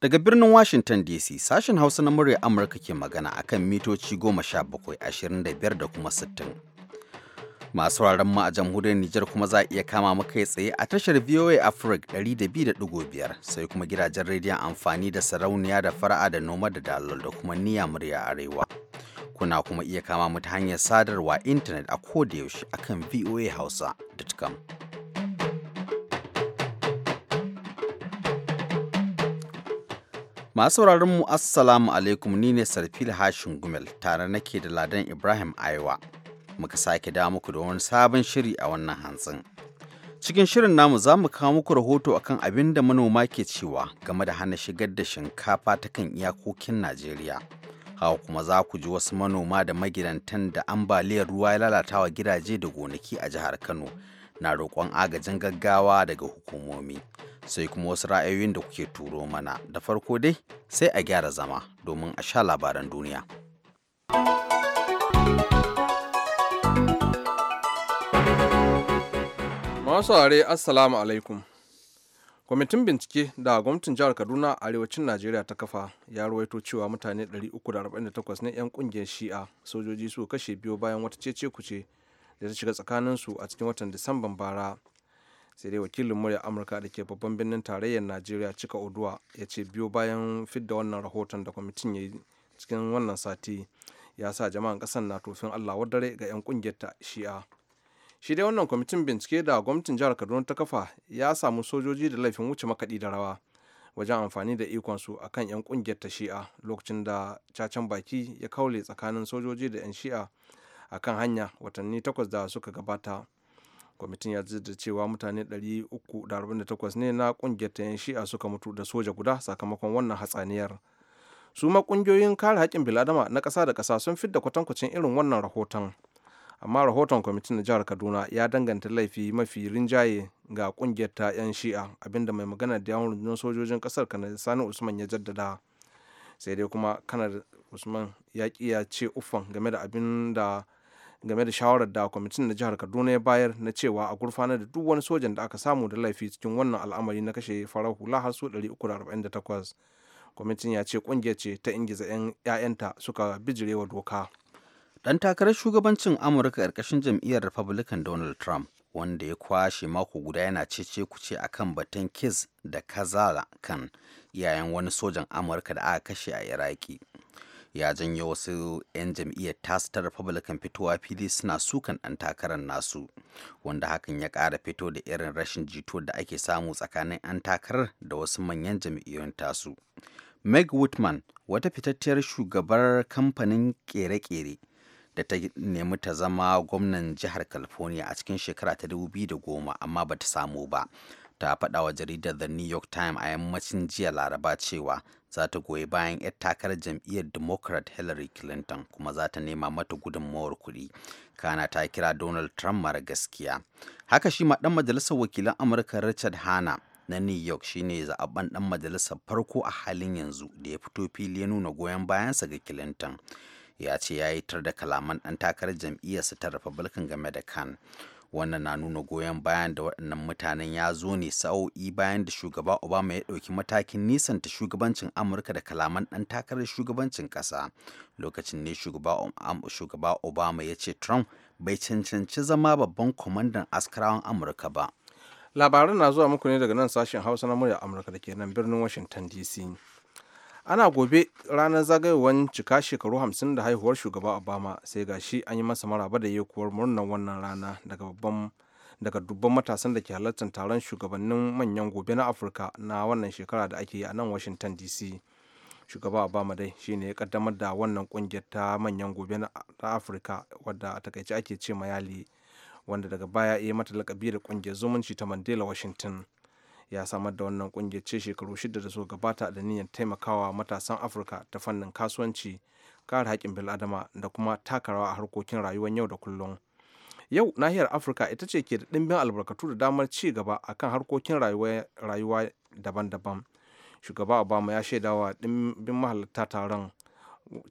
Daga birnin Washington DC sashen Hausa na murya Amurka ke magana a kan mitoci 17,25 da kuma 60. Masu sauraron mu a jamhuriyar Nijar kuma za a iya kama mu kai tsaye a tashar VOA Africa biyar sai kuma gidajen rediyon amfani da sarauniya da fara'a da noma da dalol da kuma niyya murya arewa. Kuna kuma iya kama mu ta hanyar sadarwa intanet a kodayaushe akan voahausa.com. Masu sauraron mu Assalamu alaikum ni ne Sarfil Hashin Gumel tare nake da Ladan Ibrahim Aiwa. Muka sake da muku da wani sabon shiri a wannan hantsin. Cikin shirin namu za mu kawo muku rahoto akan abin da manoma ke cewa game da hana shigar da shinkafa ta kan iyakokin Najeriya. Hawa kuma za ku ji wasu manoma da magidantan da ambaliyar ruwa ya lalata wa gidaje da gonaki a jihar Kano na roƙon agajin gaggawa daga hukumomi. sai kuma wasu ra'ayoyin da kuke turo mana da farko dai sai a gyara zama domin a sha labaran duniya. Masu are Assalamu alaikum. Kwamitin bincike da gwamnatin jihar Kaduna arewacin Najeriya ta kafa ya ruwaito cewa mutane 348 na 'yan kungiyar Shi'a sojoji su kashe biyo bayan wata cece kuce da ta shiga tsakaninsu a cikin watan Disamban bara sai dai wakilin murya amurka da ke babban birnin tarayyar najeriya cika oduwa ya ce biyo bayan fidda wannan rahoton da kwamitin ya yi cikin wannan sati ya sa jama'an kasan na tofin allah dare ga 'yan kungiyar ta shi'a shi dai wannan kwamitin bincike da gwamnatin jihar kaduna ta kafa ya samu sojoji da laifin wuce makaɗi da rawa wajen amfani da ikonsu a kan 'yan kungiyar ta shi'a lokacin da cacen baki ya kaule tsakanin sojoji da 'yan shi'a a kan hanya watanni takwas da suka gabata kwamitin ya da cewa mutane 348 ne na kungiyar ta yan shi'a suka mutu da soja guda sakamakon wannan hatsaniyar su ma kungiyoyin kare haƙƙin biladama na ƙasa da ƙasa sun fidda kwatankwacin irin wannan rahoton amma rahoton kwamitin na jihar kaduna ya danganta laifi mafi rinjaye ga kungiyar ta 'yan shi'a abinda mai magana da yawon rundunar sojojin kasar kanar sani usman ya jaddada sai dai kuma kanar usman ya ya ce uffan game da abin da game da shawarar da kwamitin na jihar kaduna ya bayar na cewa a gurfanar da duk wani sojan da aka samu da laifi cikin wannan al'amari na kashe farar hula har su 348 kwamitin ya ce kungiyar ce ta ingiza 'ya'yanta suka bijirewa doka dan takarar shugabancin amurka ƙarƙashin jam'iyyar republican donald trump wanda ya kwashe mako guda yana cece kuce akan batun kiss da kazala kan yayan wani sojan amurka da aka kashe a iraki ya janyo wasu 'yan jam'iyyar tasu ta republican fitowa fili suna sukan ɗan takarar nasu wanda hakan ya ƙara fito da irin rashin jito da ake samu tsakanin 'yan takarar da wasu manyan jam'iyyun tasu meg whitman wata fitattiyar shugabar kamfanin kere-kere da ta nemi ta zama gwamnan jihar california a cikin shekara ta 2010 amma ba ta samu ba ta faɗa wa jaridar the new york times a yammacin jiya laraba cewa za ta goyi bayan 'yar takarar jam'iyyar democrat hillary clinton kuma za ta nema mata gudunmawar kuɗi kana ta kira donald trump mara gaskiya haka shi ma ɗan majalisar wakilan amurka richard hanna na new york shine zaɓen ɗan majalisar farko a halin yanzu da ya fito fili ya nuna goyon bayansa ga clinton ya ce ya yi tar da kalaman ɗan takarar jam'iyyarsa ta republican game da kan wannan na nuna goyon bayan da waɗannan mutanen ya zo ne sa'o'i bayan da shugaba obama ya ɗauki matakin nisanta shugabancin amurka da kalaman ɗan takarar shugabancin ƙasa lokacin ne shugaba obama ya ce trump bai cancanci zama babban kwamandan askarawan amurka ba labaran na zuwa muku ne daga nan sashen hausa na murya amurka da ke nan birnin washington dc ana gobe ranar zagayowar cika shekaru 50 da haihuwar shugaba obama sai gashi an yi masa maraba da yekuwar murnar wannan rana daga babban daga dubban matasan da ke halartar taron shugabannin manyan gobe na afirka na wannan shekara da ake yi a nan washington dc shugaba obama dai shine ya kaddamar da wannan kungiyar ta manyan gobe na afirka wadda a takaice ake ce mayali wanda daga baya ya mata lakabi da kungiyar zumunci ta mandela washington ya samar da wannan kungiyar ce shekaru shida da suka gabata da niyyar taimakawa matasan afirka ta fannin kasuwanci kare haƙƙin bil'adama da kuma takarawa a harkokin rayuwar yau da kullum yau nahiyar afirka ita ce ke da ɗimbin albarkatu da damar ci gaba kan harkokin rayuwa daban-daban shugaba obama ya shaidawa ɗimbin mahalarta taron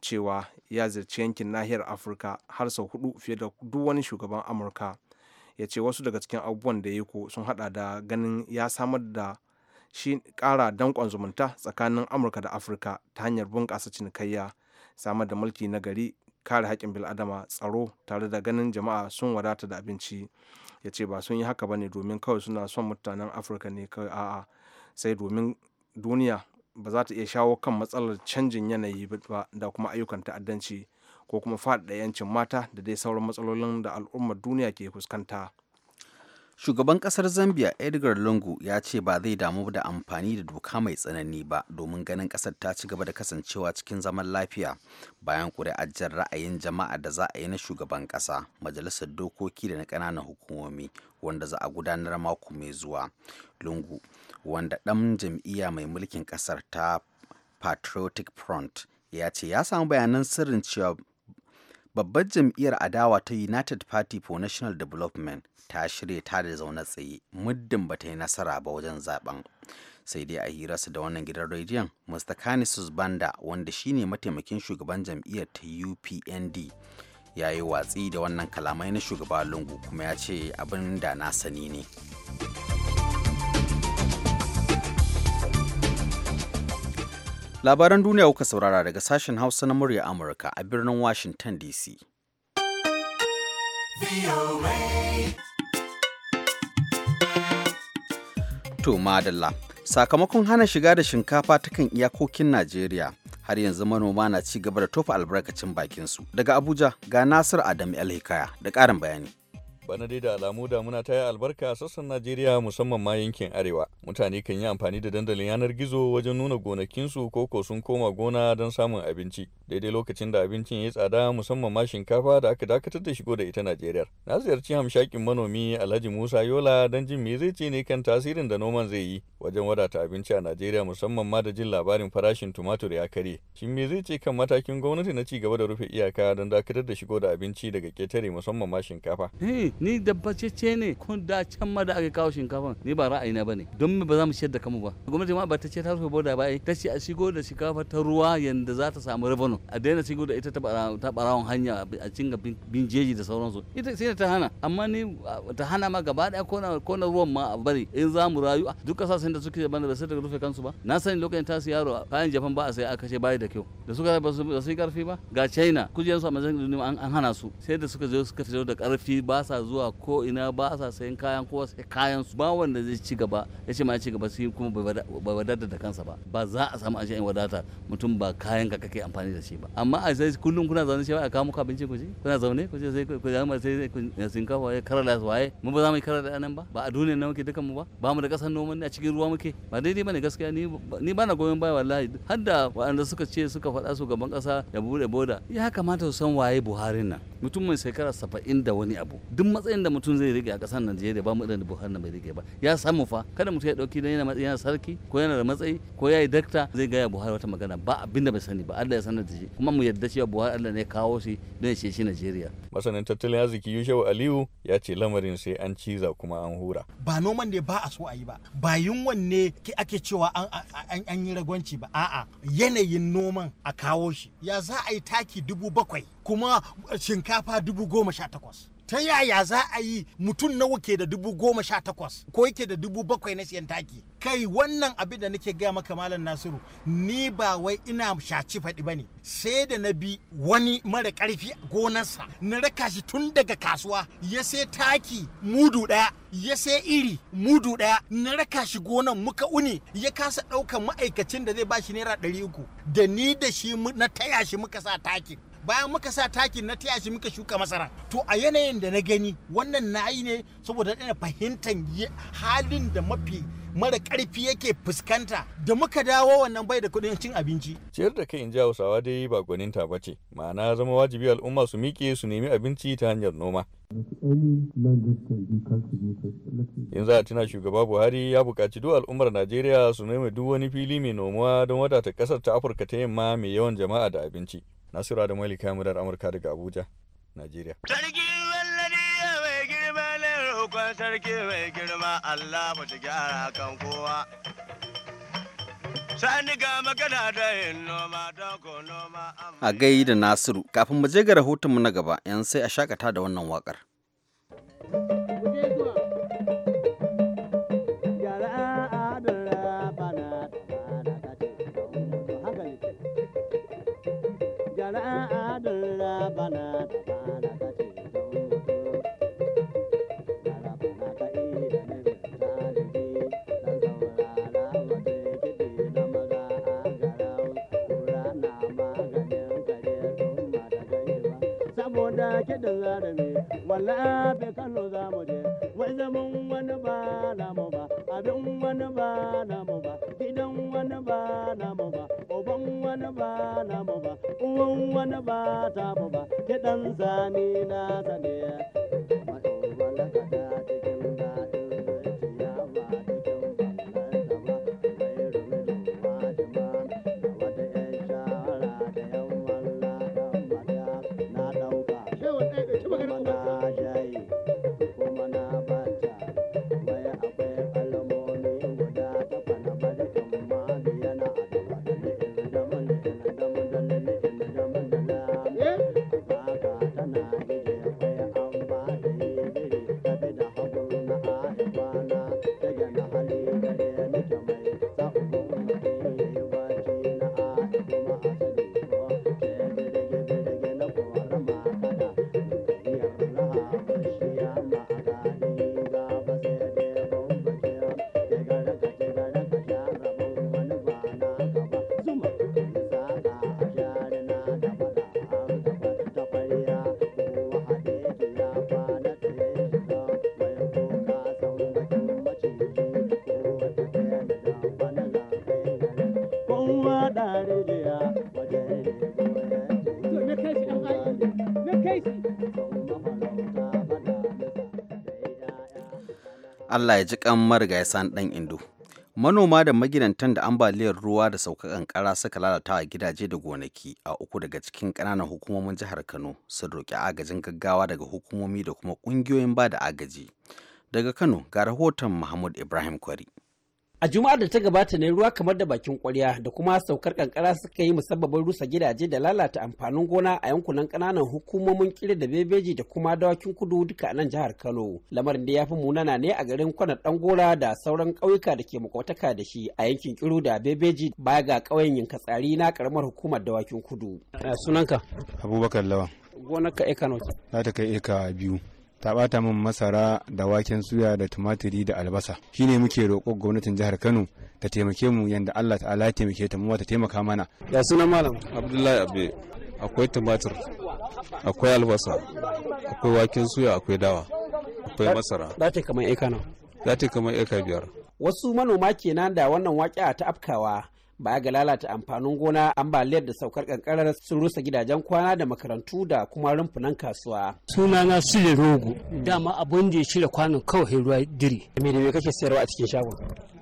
cewa ya ziyarci yankin nahiyar afirka har sau hudu fiye da duk wani shugaban amurka ya ce wasu daga cikin abubuwan da ya ko sun hada da ganin ya samar da shi kara dankon zumunta tsakanin amurka da afirka ta hanyar bunƙasa cinikayya samar da mulki na gari kare haƙƙin bil'adama tsaro tare da ganin jama'a sun wadata da abinci ya ce ba sun yi haka ba ne domin kawai suna son mutanen afirka ne kawai a'a sai domin duniya ba za ta iya shawo kan matsalar canjin yanayi ba da kuma ayyukan ta'addanci ko kuma faɗaɗa 'yancin mata da dai sauran matsalolin da al'ummar duniya ke fuskanta. Shugaban kasar Zambia Edgar Lungu ya ce ba zai damu da amfani da doka mai tsanani ba domin ganin kasar ta ci gaba da kasancewa cikin zaman lafiya bayan kuri'ar ajiyar ra'ayin jama'a da za a yi na shugaban kasa, majalisar dokoki da na ƙananan hukumomi wanda za a gudanar mako mai zuwa. Lungu wanda ɗan jam'iyya mai mulkin kasar ta Patriotic Front ya ce ya samu bayanan sirrin cewa babbar jam'iyyar adawa ta united party for national development ta shirya ta da zaune tsaye muddin ba ta yi nasara ba wajen zaben sai dai a su da wannan gidan rediyon mr kanisus banda wanda shine mataimakin shugaban jam'iyyar ta upnd ya yi watsi da wannan kalamai na shugaba lungu kuma ya ce abin da na sani ne Labaran duniya kuka saurara daga sashen Hausa na murya Amurka a birnin Washington DC. To madalla, sakamakon hana shiga da shinkafa ta kan iyakokin Najeriya har yanzu manoma na ci gaba da tofa albarkacin bakinsu. Daga Abuja ga Nasir Adam El-Hikaya da ƙarin bayani. bana dai da alamu damuna ta yi albarka a sassan najeriya musamman ma yankin arewa mutane kan yi amfani da dandalin yanar gizo wajen nuna gonakinsu koko sun koma gona don samun abinci daidai lokacin da abincin ya tsada musamman ma shinkafa da aka dakatar da shigo da ita najeriya na ziyarci hamshakin manomi alhaji musa yola don jin me zai ce ne kan tasirin da noman zai yi wajen wadata abinci a najeriya musamman ma da jin labarin farashin tumatur ya kare shin me zai ce kan matakin gwamnati na ci gaba da rufe iyaka don dakatar da shigo da abinci daga ketare musamman ma shinkafa eh, ni dabbacece ne kun da can ma da aka kawo shinkafa ni ba ra'ayina bane don mu ba za mu ciyar da kanmu ba gwamnati ma ba ta ce ta rufe boda ba eh, ta ce a shigo da shikafa ta ruwa yanda za ta samu rabano a daina shigo da ita ta barawon hanya a cinga bin jeji da sauransu ita sai ta hana amma ni ta hana ma gaba daya ko na ruwan ma a bari in za mu rayu duk kasashen da suke bana ba sai da rufe kansu ba na sani lokacin ta su yaro kayan japan ba a sai aka ce bai da kyau da suka ba su yi karfi ba ga china kujeransu a majalisar duniya an hana su sai da suka zo suka fito da karfi ba sa zuwa ko ina ba sa sayan kayan ko sai kayan su ba wanda zai ci gaba ya ce ma ya ci gaba sai kuma bai wadatar da kansa ba ba za a samu ashe wadata mutum ba kayan ka kake amfani da shi ba amma a sai kullum kuna zaune shi a kawo muku abinci ku ci kuna zaune ku ce sai ku zama sai shinkafa ya karala su waye mu ba za mu karala nan ba ba a duniyar nan muke dukan mu ba ba mu da kasar noman a cikin ruwa muke ba daidai bane gaskiya ni ni bana goyon baya wallahi har da waɗanda suka ce suka faɗa su gaban ƙasa ya bude boda ya kamata su san waye Buhari nan mutum mai shekara saba'in da wani abu duk matsayin da mutum zai rike a ƙasar Najeriya ba mu da Buhari nan bai rike ba ya samu fa kada mutum ya dauki dan yana matsayi yana sarki ko yana da matsayi ko yayi dakta zai gaya Buhari wata magana ba abin da bai sani ba Allah ya sanar da shi kuma mu yarda cewa Buhari Allah ne kawo shi don ya shi Najeriya masanin tattalin arziki Yushau Aliyu ya ce lamarin sai an ciza kuma an hura ba noman ne ba a so a yi ba ba yunwan ne ake cewa an yi ragwanci ba a'a yanayin noman a kawo shi ya za a yi taki dubu bakwai kuma shinkafa dubu goma sha takwas ta yaya za a yi mutum nawa ke da dubu goma sha takwas ko yake da dubu bakwai na siyan taki kai wannan abin da nake gaya maka malam nasiru ni ba wai ina shaci faɗi ba ne sai da na bi wani mara ƙarfi gonarsa na raka shi tun daga kasuwa ya sai taki mudu ɗaya ya sai iri mudu ɗaya na raka shi gonan muka uni ya kasa ɗaukan ma'aikacin da zai ba shi naira ɗari uku da ni da shi na taya shi muka sa takin bayan muka sa takin na taya shi muka shuka masara to a yanayin da na gani wannan na yi ne saboda ina fahimtar halin da mafi mara karfi yake fuskanta da muka dawo wannan bai da kudin cin abinci. Ciyar da kai in ji Hausawa dai ba gwaninta ba ce, ma'ana zama wajibi al'umma su miƙe su nemi abinci ta hanyar noma. In za a tuna shugaba Buhari ya buƙaci duk al'ummar Najeriya su nemi duk wani fili mai nomuwa don wadata ƙasar ta Afirka ta yamma mai yawan jama'a da abinci. Nasiru Adamu Ali Amurka daga Abuja, Najeriya. kan sarki mai girma Allah ba ta gyara kan kowa. Sani ga magana da yin noma don ko noma A gai da Nasiru, kafin mu je ga rahotonmu na gaba, yan sai a shakata da wannan waƙar. kiɗin zarabe wallahi kano za mu je wai zaman wani ba mu ba abin wani ba mu ba gidan wani ba namu ba uban wani ba mu ba uwan wani ba mu ba kiɗan zami na zane. Allah ya ji kan marigayi san ɗan indo. Manoma da magidantan da ambaliyar ruwa da sauka kankara suka lalata a gidaje da gonaki a uku daga cikin ƙananan hukumomin jihar Kano sun roƙi agajin gaggawa daga hukumomi da kuma ƙungiyoyin ba da agaji. Daga Kano ga rahoton Mahmud Ibrahim Kwari. a juma'ar da ta gabata ne ruwa kamar da bakin kwarya da kuma saukar kankara suka yi musabbabin rusa gidaje da lalata amfanin gona a yankunan kananan hukumomin kire da bebeji da kuma dawakin kudu duka a nan jihar kano lamarin da ya fi munana ne a garin kwana dan gora da sauran ƙauyuka da ke makwataka da shi a yankin kiru da bebeji baya ga ƙauyen yinkatsari na karamar hukumar dawakin kudu sunanka abubakar lawan ka eka nawa za ta kai eka biyu ta bata min masara da waken suya da tumatiri da albasa shine muke roƙo gwamnatin jihar Kano ta taimake mu yanda Allah ta'ala ya taimake ta mu ta taimaka mana ya suna malam Abdullahi Abe akwai tumatir akwai albasa akwai waken suya akwai dawa akwai masara za ta kamar eka nan za ta kamar eka biyar wasu manoma kenan da wannan waƙa ta afkawa Ba a ga lalata amfanin gona ambaliyar da saukar kankarar sun rusa gidajen kwana da makarantu da kuma rumfunan kasuwa Suna na sule rogo hmm. dama abun da ya shirya kwanon kawai ruwa diri me da me kake sayarwa a cikin shagon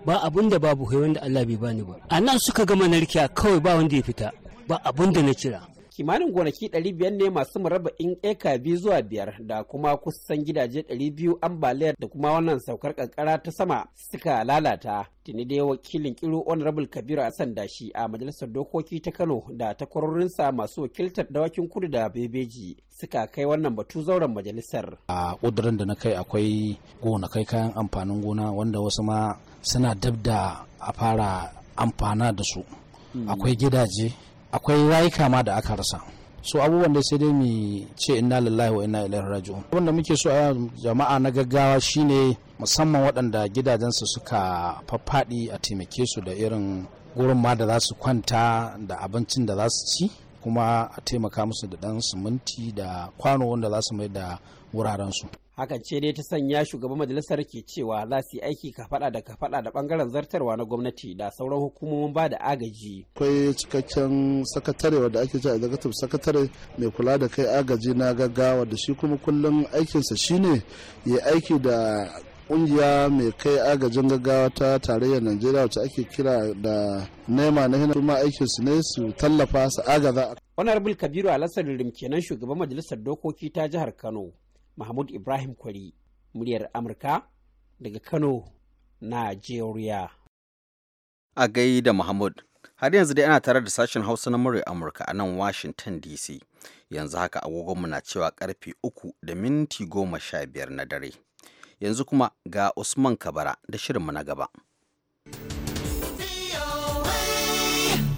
ba abun da babu kai wanda Allah bai bani ba a nan suka gama narkiya kawai ba wanda ya fita ba abun da na kira kimanin gonaki 500 ne masu murabba'in eka biyu zuwa biyar da kuma kusan gidaje 200 ambaliyar da kuma wannan saukar kankara ta sama suka lalata tuni dai wakilin kiro honorable kabiru hassan dashi a majalisar dokoki ta kano da takwarorinsa masu wakiltar dawakin kudu da bebeji suka kai wannan batu zauren majalisar a kudurin da na kai akwai gonakai kayan amfanin gona wanda wasu ma suna dab da a fara amfana da su hmm. akwai gidaje akwai rayuka ma da aka rasa so abubuwan da sai dai mu ce inna lillahi wa inna ilaihi raji'un abin da muke so a jama'a na gaggawa shine musamman waɗanda gidajensu suka faffaɗi a taimake su da irin gurin ma da za su kwanta da abincin da za su ci kuma a taimaka musu da ɗan siminti da kwano wanda za su mai da wurarensu hakan ce dai ta sanya shugaban majalisar ke cewa za su yi aiki faɗa da ka faɗa da bangaren zartarwa na gwamnati da sauran hukumomin ba da agaji akwai cikakken sakatare wanda ake cewa executive sakatare mai kula da kai agaji na gaggawa da shi kuma kullum aikinsa shine ya aiki da kungiya mai kai agajin gaggawa ta tarayyar najeriya wacce ake kira da nema na hina kuma aikin su ne su tallafa su agaza honorable kabiru alassar rim kenan shugaban majalisar dokoki ta jihar kano mahmud ibrahim kwari muryar amurka daga kano najeriya a gaida mahmud har yanzu dai ana tare da sashen hausa na murya amurka a nan washington dc yanzu haka agogonmu na cewa karfe uku da minti goma sha biyar na dare yanzu kuma ga usman kabara da shirinmu na gaba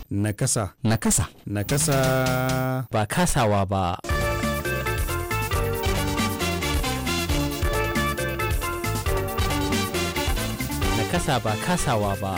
nakasa nakasa nakasa ba kasawa ba Kasa ba kasawa ba.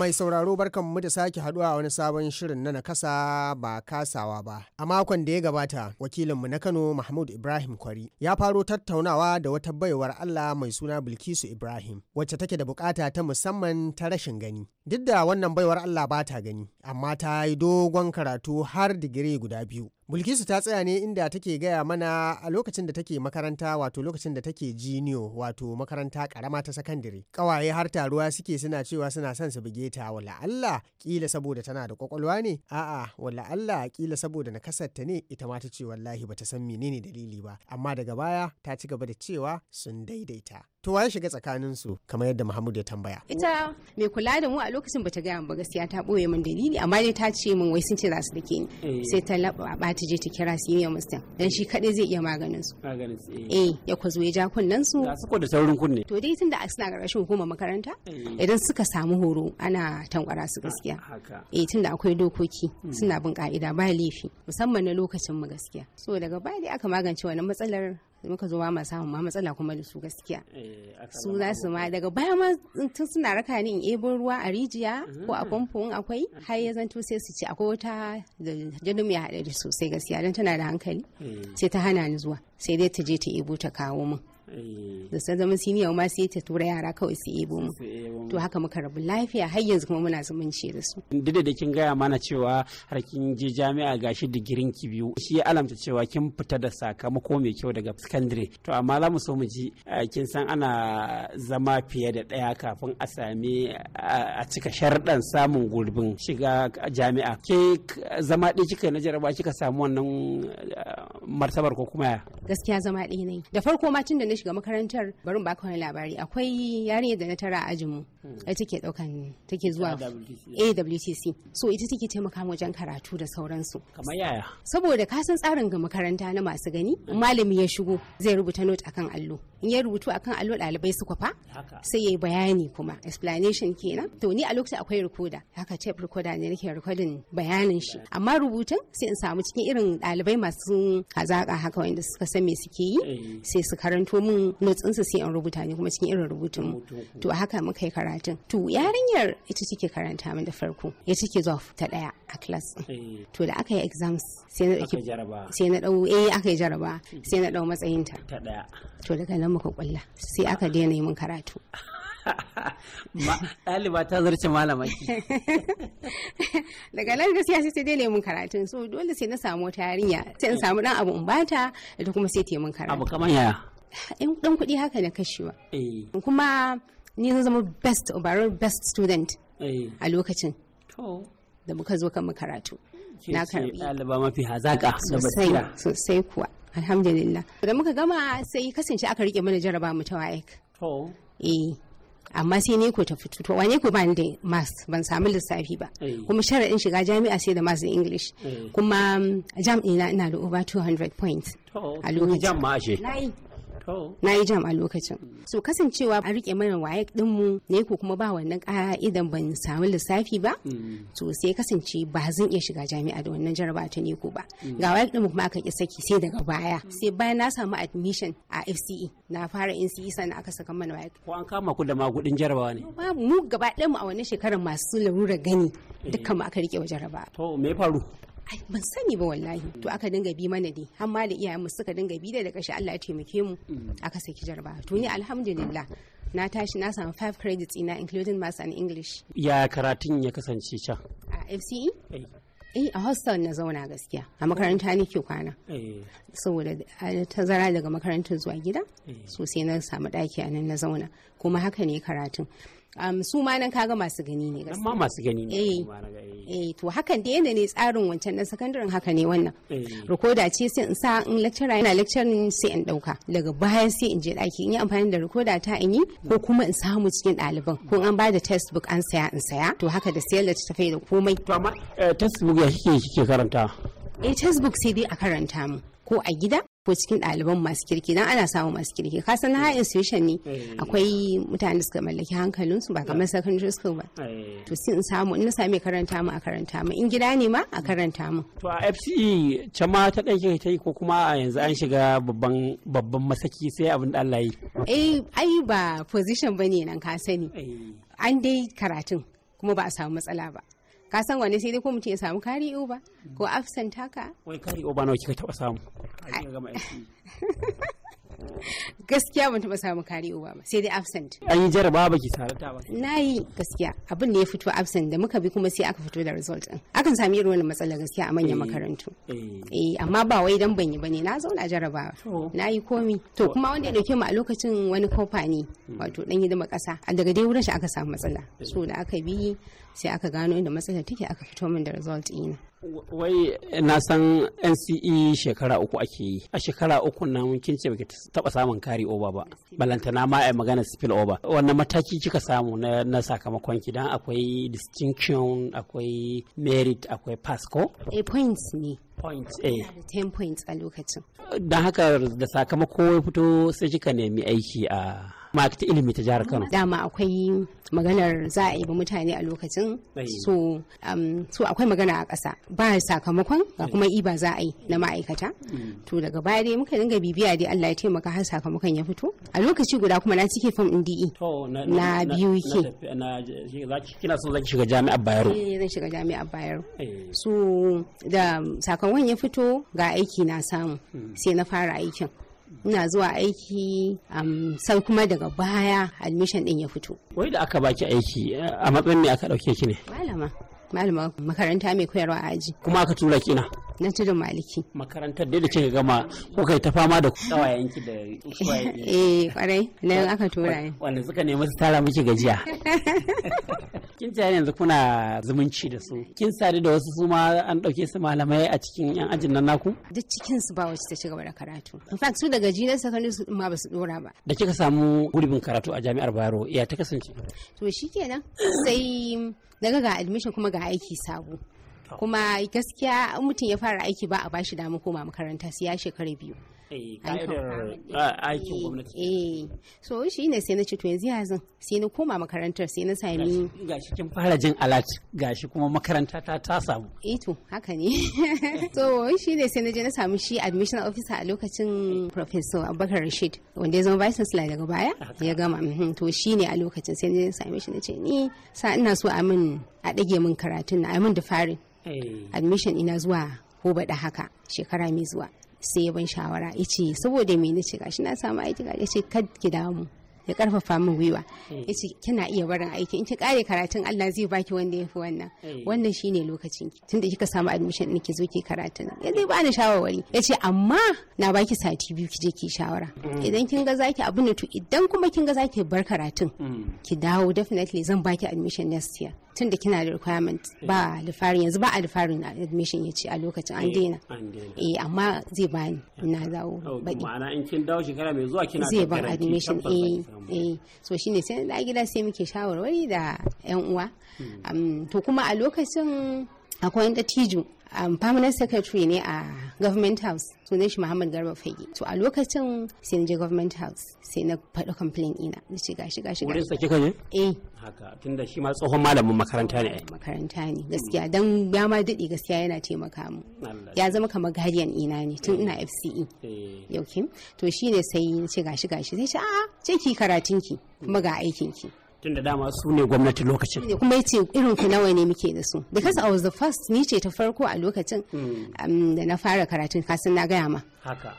Mai sauraro barkanmu da sake haduwa wani sabon shirin na nakasa ba kasawa ba. A makon da ya gabata, wakilinmu na Kano Mahmud Ibrahim Kwari ya faro tattaunawa da wata baiwar Allah mai suna Bilkisu Ibrahim, wacce take da bukata ta musamman ta rashin gani. Duk da wannan baiwar Allah ba ta gani, amma ta yi dogon karatu har digiri guda biyu. Bulkisu ta tsaya ne inda take gaya mana a lokacin da take makaranta wato lokacin da take jiniyo wato makaranta karama ta sakandare. Kawaye har taruwa suke suna cewa suna son su buge ta wala Allah kila saboda tana da kwakwalwa ne a'a wala Allah kila saboda nakasar ta ne ita ma ta ce wallahi bata san menene dalili ba amma daga baya ta ci gaba da cewa sun daidaita. to waye shiga tsakanin su kamar yadda Muhammad ya tambaya ita mai kula da mu a lokacin bata gaya ba gaskiya ta boye mun dalili amma dai ta ce min wai sun ce za su dake ni eh. sai ta laba ta je ta kira senior master dan shi kadai zai iya maganin su su eh. eh ya kwazo ya ja kunnan su su da saurin kunne to dai tunda suna garashin hukumar makaranta eh. idan suka samu horo ana tankwara su gaskiya ah, eh tunda akwai dokoki hmm. suna bin ka'ida ba laifi musamman na lokacin mu gaskiya so daga baya dai aka magance wannan matsalar muka zo ba ma samun ma matsala kuma da su gaskiya eh, su za su ma daga baya ma tun suna raka ni in ebon ruwa a rijiya mm-hmm. ko a famfo in akwai har ya zanto sai su ce akwai wata da jinin haɗari sosai gaskiya don tana da hankali eh. sai ta hana ni zuwa sai dai ta je ta ebo ta kawo min Eh. da sun zama senior ma sai ta tura yara kawai su ebo mu to haka muka rabu lafiya har yanzu kuma muna zumunci da su duk da kin gaya mana cewa har kin je jami'a gashi digirin ki biyu shi ya alamta cewa kin fita da sakamako mai kyau daga secondary to amma za mu so mu ji eh, kin san ana zama fiye da ɗaya kafin a sami eh, a cika sharɗan samun gurbin shiga jami'a ke zama ɗaya kika na jaraba kika samu wannan martabar ko kuma ya. gaskiya zama ɗaya ne da farko ma tun da na shiga makarantar barin baka wani labari akwai yarinyar da na tara a ajinmu hmm. ita take daukan take zuwa AWTC so ita take taimaka wajen karatu da sauransu kamar yaya saboda ka tsarin ga makaranta na masu gani malami ya shigo zai rubuta note akan allo in ya rubutu akan allo dalibai su kwafa sai yayi bayani kuma explanation kenan to ni a lokacin akwai recorder haka tape recorder ne nake recording bayanin shi amma rubutun sai in samu cikin irin dalibai masu hazaka haka wanda suka san me suke yi eh. sai su karanto mun su sai an rubuta ni kuma cikin irin rubutun mu to haka muka yi karatun to yarinyar ita take karanta min da farko ya take zuwa ta daya a class eh. to da aka yi exams sai na dauki sai na dau eh aka yi jaraba sai na dau matsayin ta ta daya to daga nan muka kulla sai aka daina yi karatu ɗaliba ta zarce malama daga nan gaskiya sai dai lemun karatun so dole sai na samu tarinya sai in eh. samu dan abu in bata da kuma sai mun karatu abu kamar yaya in dan kuɗi haka na kashewa eh. kuma ni zan zama best overall best student eh. a lokacin da muka zo kan karatu na karbi ɗaliba mafi hazaƙa da basira sosai kuwa alhamdulillah da muka gama sai kasance aka rike mana jaraba mu ta waik eh amma sai ne ko ta fito to wane ko ban da mas ban samu lissafi ba eh. kuma sharaɗin shiga jami'a sai da mas da english kuma jam ina ina da over 200 points a lokacin jam ashe na yi jam a lokacin so kasancewa a rike mana waye dinmu ne ko kuma ba wannan ka'idan ban samu lissafi ba mm. to sai kasance ba zan iya shiga jami'a da wannan jaraba ta ne ko ba mm. ga waye dinmu kuma aka ki saki sai daga baya mm. sai bayan na samu admission a FCE na fara NCE sannan aka saka mana waye ko an kama ku da magudin jarabawa ne mu gaba mu a wannan shekarar masu larurar gani eh. dukkan mu aka rike wa jaraba to me faru ai ban sani ba wallahi to aka dinga bi mana dai har ma da iyayen mu suka dinga bi da da kashi Allah ya taimake mu aka saki jarba to ni alhamdulillah na tashi na samu 5 credits ina including maths and english ya karatun ya kasance can a FCE eh. eh a hostel na zauna gaskiya a makaranta ne ke kwana eh. saboda eh, tazara daga makarantar zuwa gida so sai na samu daki a nan na zauna kuma haka ne karatun su ma nan kaga masu gani ne gaskiya ma masu gani ne eh, eh to hakan da yanda ne tsarin wancan na sakandaren haka ne wannan eh. rekoda ce sai in sa in lecturer yana ne sai in dauka daga baya sai in je daki in yi amfani da rekoda ta in yi ko kuma in samu cikin ɗaliban ko an bada textbook an saya in saya to haka da sayar da ta da komai to amma eh, textbook ya kike kike karanta eh textbook sai dai a karanta mu ko a gida ko cikin ɗaliban masu kirki dan ana samun masu kirki ka san high institution ne eh. akwai mutane suka mallaki hankalinsu ba kamar eh. secondary school ba eh. to sai in samu in na sami karanta mu a karanta mu in gida ne ma a karanta mu to a FCE cama ma ta dan ta yi ko kuma a yanzu an shiga babban babban masaki sai abin da Allah yi eh ai ba position nan ka sani an dai karatun kuma ba a samu matsala ba ka san wani sai dai ko mutum ya samu kari uba ko afsan taka wai kari uba nawa kika taba samu a gama aiki gaskiya ban taba samu kari obama ba sai dai absent an yi jaraba ba ki sarata ba na yi gaskiya abin da ya fito absent da muka bi kuma sai aka fito da result din akan sami irin wannan matsala gaskiya a manyan eh, makarantu eh. eh amma ba wai dan ban yi bane na zauna jaraba. na yi komi to kuma wanda ya dauke mu a lokacin wani kofani hmm. wato dan hidima kasa daga dai wurin shi aka samu matsala eh. so da aka bi sai aka gano inda matsalar take aka fito min da result ina wai na san nce shekara uku ake yi a shekara uku na mun ce baki taba samun kari over ba balantana ma a magana spill over wannan mataki kika samu na, na sakamakon ki dan akwai distinction akwai merit akwai pasco a eh, points ne points A. 10 eh. points a lokacin don haka da sakamako ya fito sai kika nemi aiki a ma'aikata ilimi ta jihar Kano. Dama akwai maganar za a yi ba mutane a lokacin so um, so akwai magana a ƙasa ba sakamakon ga kuma iba za a yi na ma'aikata mm. to daga baya dai muka dinga bibiya dai Allah ya taimaka har sakamakon ya fito a lokaci guda kuma na cike fam din DE na biyu ke kina so zaki shiga jami'ar Bayero eh zan shiga jami'ar Bayero eh. so da sakamakon ya fito ga aiki na samu mm. sai na fara aikin ina zuwa aiki sai kuma daga baya admission din ya fito wai da aka baki aiki a matsayin me aka dauke ki ne malama malama makaranta mai koyarwa a aji kuma aka tura kina na tudun maliki makarantar da kika gama kuka yi ta fama da yanki da eh kwarai nan aka tura ne. wanda suka nemi su tara miki gajiya kin ji yanzu kuna zumunci da su kin sadu da wasu su an dauke su malamai a cikin yan ajin nan naku duk cikin su ba wacce ta ci da karatu in fact su daga jinan sakandare su ma ba su dora ba da kika samu gurbin karatu a jami'ar Bayero ya ta kasance to shikenan sai daga ga admission kuma ga aiki sabo kuma gaskiya mutum ya fara aiki ba a bashi dama koma makaranta sai ya shekara biyu Eh, ka'idar aikin gwamnati eh, eh. so shi ne sai na ci to yanzu yanzu sai na koma makarantar sai na sami gashi kin fara jin alat gashi kuma makaranta ta ta samu eh to haka ne so shi ne sai na je na samu shi admission officer a lokacin professor Abubakar Rashid wanda ya zama vice chancellor daga baya ya gama mm-hmm. to shi ne a lokacin sai na je na same shi na ce ni sa ina so a min a dage min karatun na a min da farin admission ina zuwa ko baɗa haka shekara mai zuwa sai ban shawara ya ce saboda me na ce gashi na samu aiki ga ya ce kad ki damu ya karfafa min gwiwa eh. ya ce kina iya barin aiki in ki kare karatun Allah zai baki wanda ya fi wannan eh. wannan shine lokacin ki tunda kika samu admission ɗin ki zo ki karatun ya zai bani shawarwari ya ce amma na baki sati biyu ki je ki shawara mm. idan kin ga zaki abu na to idan kuma kin ga zaki bar karatun mm. ki dawo definitely zan baki admission next year tun da kina da requirement ba eh. alfarin yanzu ba alfarin admission ya ce a lokacin an eh, daina eh amma zai bani na zawo baki ma'ana in kin dawo shekara mai zuwa kina zai ban admission eh eh so shine sai na gida sai muke shawarwari da yan uwa hmm. to kuma a lokacin akwai dattijo um, permanent secretary ne a government house sunan shi muhammad garba fage to a lokacin sai na je government house sai na faɗi complain ina na ce gashi gashi wurin sake kaje eh haka tunda shi ma tsohon malamin makaranta ne makaranta ne gaskiya dan ya ma daɗi gaskiya yana taimaka mu ya zama kamar guardian ina ne tun ina FCE eh. yaukin to shine sai na ce gashi gashi sai ce ce ki karatun ki kuma ga aikin ki da dama su ne gwamnati lokacin kuma yace irin ku nawa ne muke da su because I was the first ni ce ta farko a lokacin hmm. um, da na fara karatun kasan na gaya ma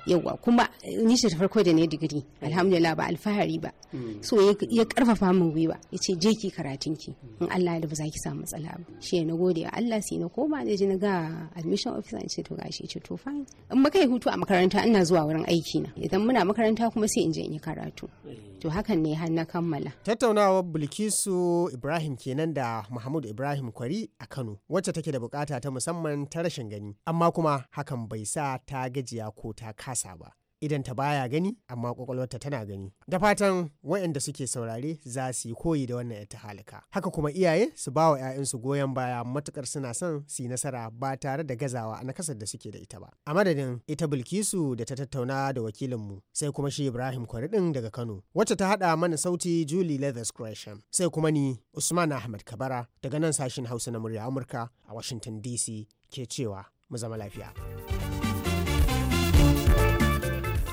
yawa kuma ni ta farko da ne digiri mm. alhamdulillah ba alfahari ba mm. so ya karfafa min gwiwa ya ce je ki karatun ki in Allah ya ba za ki samu matsala ba shi na gode wa Allah sai na koma ne ji na ga admission officer in ce to gashi ce to fine in muka hutu a makaranta ina zuwa wurin aiki na idan muna makaranta kuma sai in je in yi karatu eh. to hakan ne har na kammala tattaunawar bulkisu Ibrahim kenan da muhammadu Ibrahim Kwari a Kano wacce take da bukata ta musamman ta rashin gani amma kuma hakan bai sa ta gajiya ko ta kasa ba idan ta baya gani amma kwakwalwarta tana gani da fatan waɗanda suke saurare za su yi koyi da wannan ta halika haka kuma iyaye su bawa wa 'ya'yansu goyon baya matukar suna son su yi nasara ba tare da gazawa a nakasar da suke da ita ba a madadin ita bilkisu da ta tattauna da wakilinmu sai kuma shi ibrahim kwari ɗin daga kano wacce ta haɗa mana sauti julie leathers gresham sai kuma ni usman ahmad kabara daga nan sashen hausa na murya amurka a washington dc ke cewa mu zama lafiya.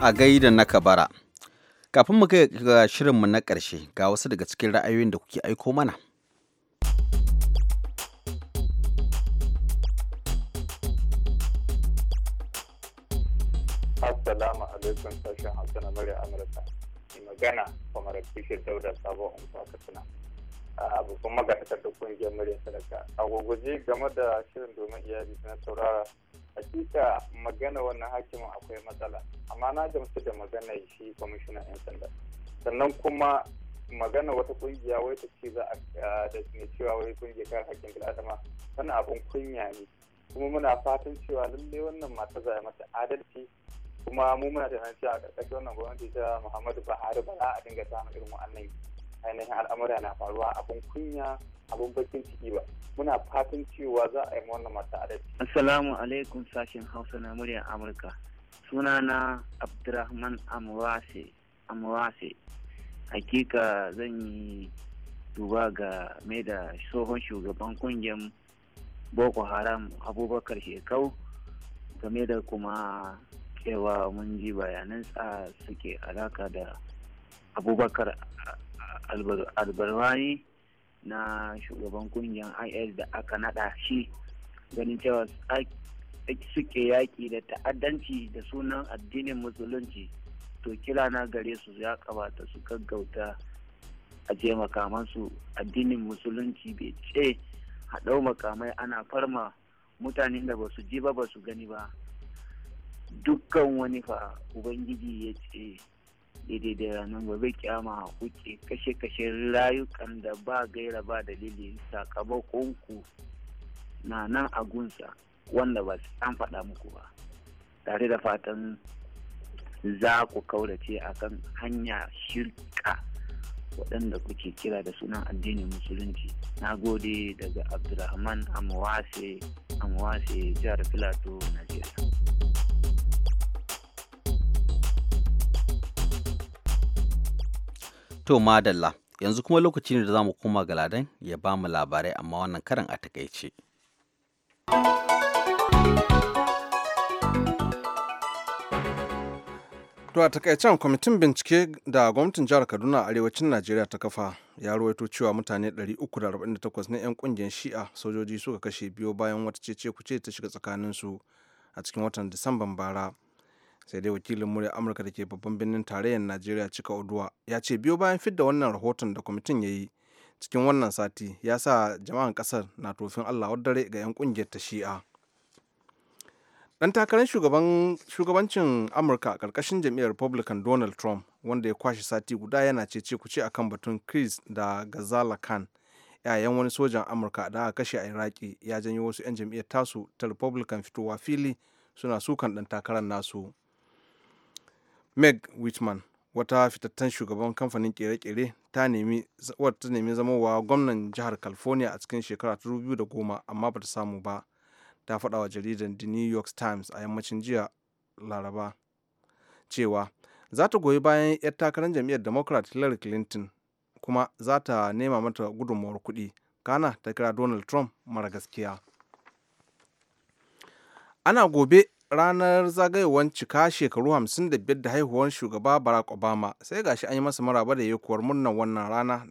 A gaida na kabara. Kafin mu kai ga shirinmu na ƙarshe ga wasu daga cikin ra'ayoyin da kuke aiko mana. Assalamu alaikum sashen Hausa na murya Amurka. magana kamar bishir dauda sabon unguwa katsina kuma ga da kungiyar murya sadaka a guguje game da shirin domin iyali na saurara hakika magana wannan hakimin akwai matsala amma na gamsu da magana shi kwamishina 'yan sanda sannan kuma magana wata kungiya wai ta ce za a da ne cewa wai kungiya kare hakkin bil'adama wannan abin kunya ne kuma muna fatan cewa lalle wannan mata za mata adalci kuma mu muna da nan cewa a ƙarƙashin wannan gwamnati ta muhammadu buhari ba za a dinga samun irin wa'annan ainihin al'amura na faruwa abin kunya abin bakin ciki ba muna fatan cewa za a yi wannan mata dace. assalamu alaikum sashen hausa na muryar amurka sunana abdurrahman amurase amurase hakika zan yi duba ga mai da tsohon shugaban kungiyar boko haram abubakar shekau game da kuma cewa mun ji bayanan suke alaka da abubakar albarwani na shugaban kungiyar is da aka nada shi ganin cewa suke yaƙi da ta'addanci da sunan addinin musulunci to kira na gare su ya kabata su gaggauta a je makamansu addinin musulunci bai ce haɗau makamai ana farma mutane da ba su ji ba ba su gani ba dukkan wani fa ubangiji ya ce daidai da ranar gobe kyama kuke kashe-kashe rayukan da ba gaira ba dalili sakamakon ku na nan a gunsa wanda ba su an faɗa muku ba tare da fatan za ku kaurace kan hanya shirka waɗanda kuke kira da sunan addinin musulunci na gode daga abdulrahman amwase amwase jihar filato najeriya To madalla, yanzu kuma lokaci ne da za mu koma ga ladan ya ba mu labarai amma wannan karan a takaice. To a takaicen kwamitin bincike da gwamnatin jihar Kaduna a arewacin Najeriya ta kafa ya ruwaito cewa mutane 348 na 'yan kungiyar shi'a sojoji suka kashe biyo bayan wata cece kuce ta shiga tsakaninsu a cikin watan Disamban bara. sai dai wakilin murya amurka da ke babban birnin tarayyar najeriya cika oduwa ya ce biyo bayan fidda wannan rahoton da kwamitin ya yi cikin wannan sati ya sa jama'an kasar na tofin allah dare ga 'yan kungiyar ta shi'a dan takarar shugabancin amurka karkashin jam'iyyar republican donald trump wanda ya kwashe sati guda yana ce ce kuce akan batun chris da gazala khan yayan wani sojan amurka da aka kashe a iraki ya janyo wasu 'yan jam'iyyar tasu ta republican fitowa fili suna sukan dan takarar nasu meg whitman wata fitattun shugaban kamfanin kere-kere ta nemi wata nemi zamowa gwamnan jihar california a cikin shekara ta 2010 amma bata samu ba ta faɗa wa jaridar the new york times a yammacin jiya laraba cewa za ta goyi bayan 'yar takarar jam'iyyar democrat hillary clinton kuma za ta nema mata gudunmawar kuɗi kana ta kira donald trump mara gaskiya ana gobe ranar zagayowar cika shekaru 55 da haihuwar shugaba barack obama sai gashi an yi masa maraba da yakuwar murnar wannan rana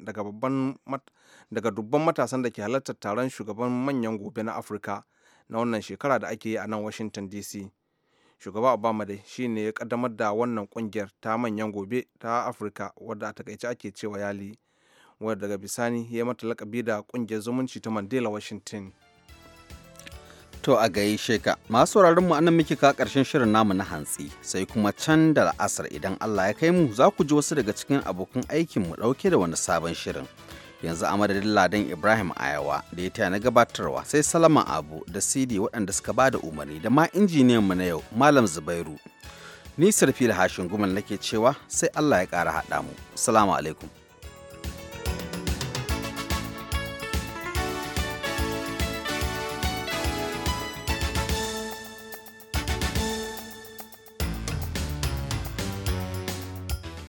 daga dubban matasan da ke halartar taron shugaban manyan gobe na afirka na wannan shekara da ake yi a nan washington dc shugaba obama dai ne ya kaddamar da wannan kungiyar ta manyan gobe ta afirka wadda a takaice ake cewa yali wadda daga bisani ya mata lakabi da kungiyar zumunci ta mandela washington To a gaishe sheka masu mu anan muke ka ƙarshen shirin namu na hantsi, sai kuma can da la'asar idan Allah ya kai mu za ku ji wasu daga cikin abokan aikin mu ɗauke da wani sabon shirin. Yanzu a madadin Ladan Ibrahim Ayawa da ya taya na gabatarwa sai Salama Abu da CD waɗanda suka ba da umarni da ma injiniyan mu na yau Malam Zubairu. Ni Sarfila Hashin Gumal nake cewa sai Allah ya ƙara haɗa mu. Salamu alaikum.